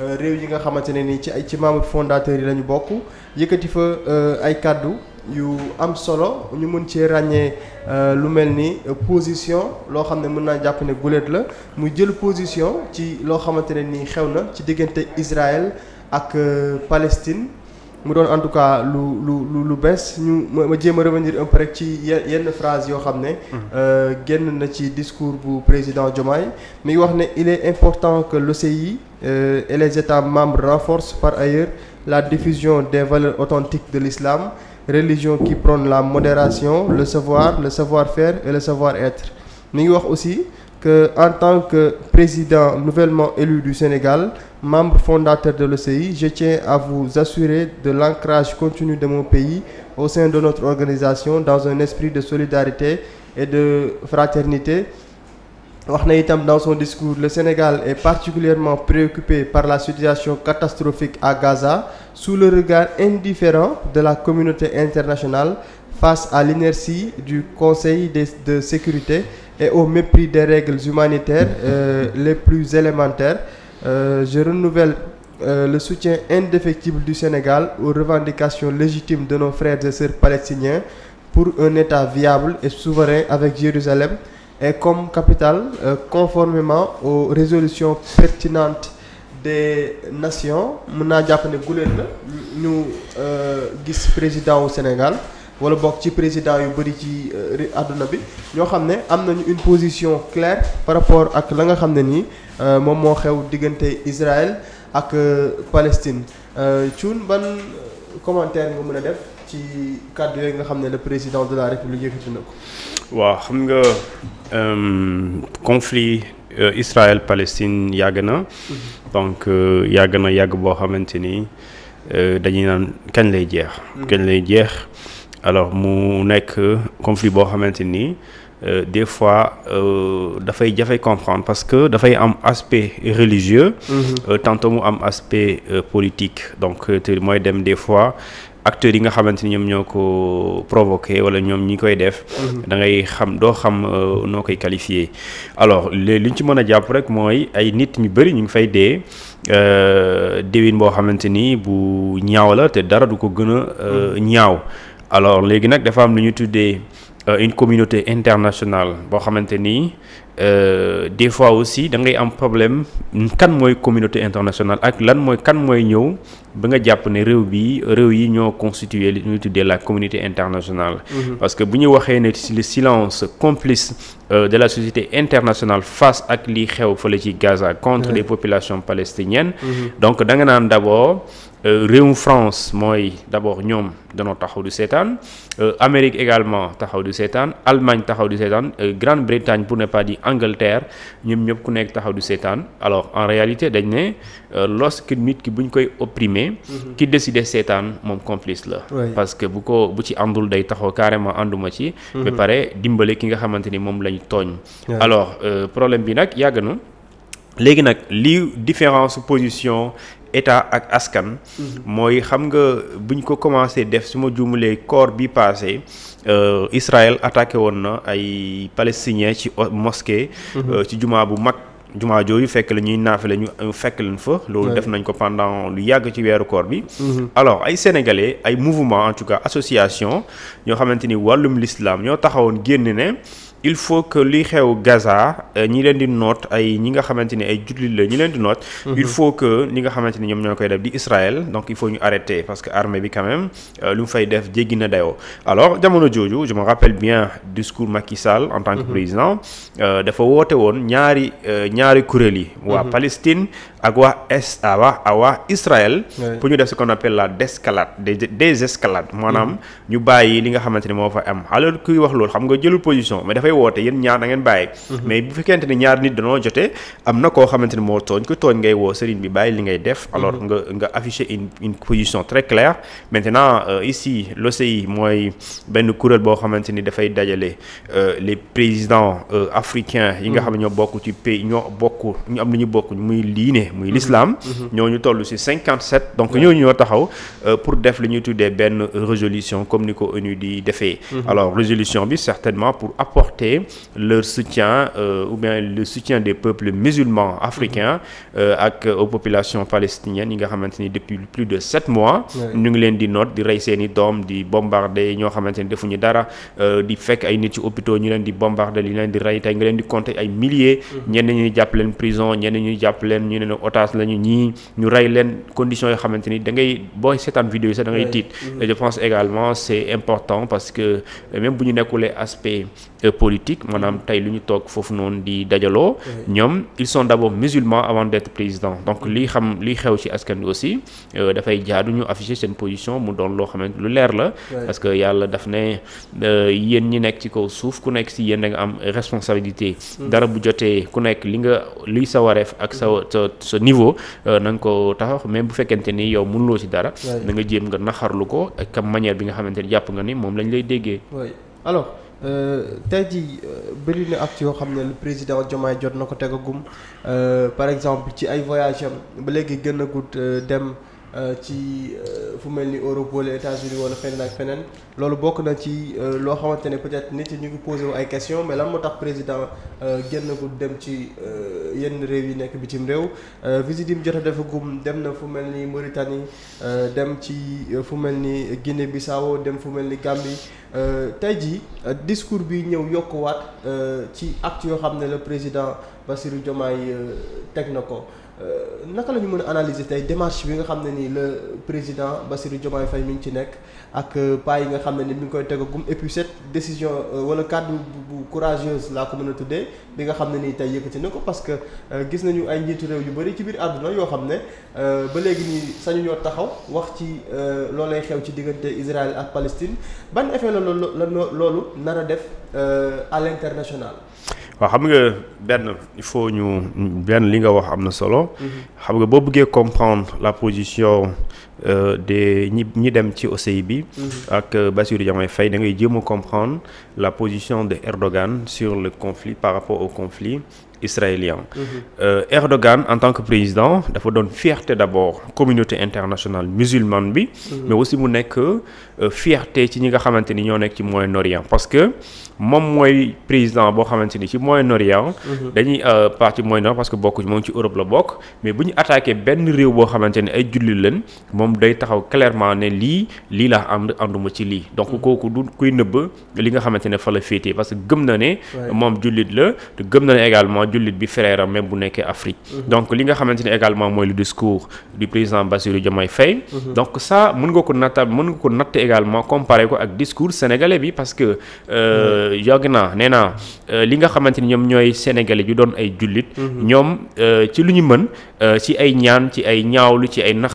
Euh, réew yi nga xamante ne ni ci ay ci membre fondateur yi la ñu bokk yëkkati fa euh, ay kàddu yu am solo ñu mën cee ràññee euh, lu mel ni position loo xam ne mën naa jàpp ne guléet la mu jël position ci loo xamante ne ni xew na ci diggante Israël ak Palestine mu doon en tout cas lu lu lu lu bees ñu ma ma jéem a revenir un peu rek ci yenn phrase yoo xam ne. Mm-hmm. génn na ci discours bu président Diomaye mi ngi wax ne il est important que l'OCI euh, et les États membres renforcent par ailleurs la diffusion des valeurs authentiques de l'islam, religion qui prône la modération, le savoir, le savoir-faire et le savoir-être. Mi ngi wax aussi que en tant que président nouvellement élu du Sénégal, membre fondateur de l'OCI, je tiens à vous assurer de l'ancrage continu de mon pays au sein de notre organisation dans un esprit de solidarité et de fraternité. wax na itam dans son discours le Sénégal est particulièrement préoccupé par la situation catastrophique à Gaza sous le regard indifférent de la communauté internationale face à l'inertie du Conseil de, de sécurité et au mépris des règles humanitaires euh, les plus élémentaires euh, je renouvelle euh, le soutien indéfectible du Sénégal aux revendications légitimes de nos frères et sœurs palestiniens pour un État viable et souverain avec Jérusalem et comme capital euh, conformément résolution résolutions pertinentes des nations mën naa jàpp ne guleen la ñu euh, gis président wu Sénégal wala bokk ci président yu bëri ci euh, àdduna bi ñoo xam ne am nañu une position claire par rapport ak la nga xam ne nii euh, moom moo xew diggante Israël ak Palestine Thioune ban commentaire nga mën a def ci kàddu yooyu nga xam ne le président de la république yëkkati na ko. waaw xam nga euh, conflit euh, Israël Palestine yàgg na. Mhm. donc euh, yàgg na yàgg boo xamante ni dañuy naan kañ lay jeex. Mhm. lay jeex alors mu nekk conflit boo xamante ni. Euh, des fois euh, dafay jafe comprendre parce que dafay am aspect religieux. Mm mu am aspect politique donc te mooy dem des fois acteurs yi nga xamante ni ñoom ñoo ko provoqué wala ñoom ñi koy def. Mhm. da ngay xam doo xam euh, noo koy qualifié. alors li ñu ci mën a jàpp rek mooy ay nit ñu bëri ñu ngi fay dee euh, déwin boo xamante ni bu ñaaw la te dara du ko gën a euh, mhm. ñaaw alors léegi nag dafa am lu ñu tuddee. Euh, une communauté internationale boo xamante ni euh, des fois aussi da ngay am problème kan mooy communauté internationale ak lan mooy kan mooy ñëw ba nga jàpp ne réew bi réew yi ñoo constituer li ñuy tuddee la communauté internationale. Mhm. parce que bu ñu waxee ne si le silence complice euh, de la société internationale face ak li xew la ci Gaza. contre les populations palestiniennes. Mhm. donc da naan d'abord. Euh, réewum France mooy d'abord ñoom danoo taxaw du seetaan euh, Amérique également taxaw du seetaan Allemagne taxaw du seetaan euh, Grande-Bretagne pour ne pas dire Angleterre ñoom ñëpp ku nekk taxaw du seetaan alors en réalité dañ ne lorsque nit ki bu ñu koy opprimer mhm. ki décide seetaan moom complice la parce que bu ko bu ci àndul day taxaw carrément ànduma ci ba mhm. pare dimbale ki nga xamante ni moom lañ tooñ alors problème bi nag yàgg na léegi nag lii différence position état ak askan. Mhm. mooy xam nga buñ ko commencé def su ma juumulee koor bi passé euh, Israël attaqué woon na ay palestiniens ci o mosquée. Mhm. Euh, ci jumaa bu mag. jumaa jooju fekk la ñuy naafe ñu euh, fekk leen fa loolu def nañ ko pendant lu yàgg ci weeru koor bi mhm. alors ay sénégalais ay mouvement en tout cas association ñoo xamante ni wàllum lislaam ñoo taxawoon génn ne il faut que li xew Gaza euh, ñi leen di noot ay ñi nga xamante ni ay jullit la ñi leen di noot. Mhm. il faut que ñi nga xamante ni ñoom ñoo koy def di Israël donc il faut ñu arrêter parce que armée bi quand euh, lu mu fay def jéggi na dayoo. alors jamono jooju je me rappelle bien discours Macky Sall en tant que mhm. président euh, dafa woote woon ñaari ñaari kuréel yi. waa mhm. Palestine. ak waa est à waa à waa pour ñu def ce qu'on appelle la désescalade des désescalade. maanaam mhm. ñu bàyyi li nga xamante ne moo fa am alors kuy wax loolu xam nga jëlul position mais dafay woote yéen ñaar da ngeen bàyyi. Mhm. mais bu fekkente ne ñaar nit danoo jotee am na koo xamante ni moo tooñ ku tooñ ngay woo sëriñ bi bàyyi li ngay def. Mhm. alors nga nga afficher une une position très claire maintenant euh, ici l'OCI mooy benn kuréel boo xamante ni dafay dajale euh, les présidents euh, yi nga xam ne ñoo bokk ci pays ñoo bokk ñu am ñu bokk muy liine. diine muy l'islam mhm. Mhm. ñooñu toll ci 57 donc ñooñu ñoo taxaw euh, pour def li ñuy tuddee benn résolution comme ni ko ONU di defee mhm. alors résolution bi certainement pour apporter leur soutien euh, ou bien le soutien des peuples musulmans africains euh, ak euh, aux populations palestiniennes yi nga xamante ni depuis plus de sept mois ñu ngi leen di noot di rey seeni doom di bombarder ñoo xamante ni defuñu dara euh, di fekk ay nit ci hôpitaux ñu leen di bombarder li leen di rey tey nga leen di compter ay milliers ñenn ñuy otage lañu ñii ñu rey leen conditions yoo xamante ni da ngay booy seetaan vidéo yi sax da ngay tiit mm-hmm. et pense également c'est important parce que euh, même bu ñu nekkulee aspect euh, politique maanaam mm-hmm. tey lu ñu toog foofu noonu di dajaloo ñoom il sont d'abord musulmans avant d'être président donc mm-hmm. li xam li xew ci askan wi aussi euh, dafay jaadu ñu afficher seen position mu doon loo xamante lu leer la parce que yàlla daf ne yéen ñi nekk ci kaw suuf ku nekk si yéen da nga am responsabilité dara bu jotee ku nekk li nga liy sa wareef ak sa sa niveau euh, na nga ko taxaw même bu fekkente ni yow mënuloo si dara. na nga jéem nga naxarlu ko ak manière bi nga xamante ni jàpp nga ni moom lañ lay déggee. alors euh, tey jii euh, bëri na acte yoo xam ne le président Diomaye jot na ko tegagum par exemple ci ay voyage ba léegi gën a gudd dem. Euh, ci euh, fu mel ni Europe wala États-Unis wala feneen ak feneen loolu bokk na ci euh, loo xamante ne peut-être nit ñi ñu ngi posé wu ay question mais lan moo tax président génn ko dem ci yenn réew yi nekk bitim réew visite yi mu jot a dem na fu mel ni Mauritanie dem ci fu mel ni Guinée-Bissau dem fu mel ni Gambie tey jii discours bi ñëw yokkuwaat ci act yoo xam ne la président Bassirou Diomaye teg na ko. Euh, naka la ñu mën a analyser tey démarche bi nga xam ne nii la président Bassirou jomaa Faye mi ngi ci nekk ak euh, pas yi nga xam ne ni mi ngi koy tegagum et puis cette décision euh, wala kàddu bu courageuse laa ko mën a tuddee bi nga xam ne nii tey yëkkati na ko parce que gis nañu ay njiitu réew yu bëri ci biir àdduna yoo xam ne ba léegi nii sañu ñoo taxaw wax ci loolay xew ci diggante Israël ak Palestine ban effet la loolu la loolu nar a def à l'international waa xam nga benn il faut ñu benn li nga wax am na solo. Mm-hmm. xam nga boo bëggee comprendre la position euh, des ñi ñi dem ci OCI bi. Mm-hmm. ak euh, Bassirou Diomaye Faye da ngay jéem a comprendre la position de Erdogan sur le conflit par rapport au conflit. israélien euh, Erdogan en tant que président dafa doon fierté d'abord communauté internationale musulmane bi mais aussi mu nekk euh, fierté ci ñi nga xamante ni ñoo nekk ci Moyen-Orient parce que moom mooy président boo xamante ni ci Moyen-Orient mhm. dañuy euh, parti Moyen-Orient parce que bokk moom ci Europe la bokk mais bu ñu attaqué benn réew boo xamante ni ay jullit lañ moom day taxaw clairement ne lii lii laa ànd ànduma ci lii donc mhm. kooku du kuy nëbb li nga xamante ne fa la féetee parce que gëm na ne moom la te jullit bi frère am même bu nekkee Afrique. Mhm. donc li nga xamante ni également mooy le discours du président Bassirou Diomaye Faye. Mhm. donc ça mën nga ko natt également comparé ko ak discours sénégalais bi parce que. Euh, yàgg naa nee naa euh, li nga xamante ni ñoom ñooy sénégalais yu doon ay jullit. Mhm. ñoom euh, ci lu ñu mën ci ay ñaan ci ay ñaawlu ci ay nax.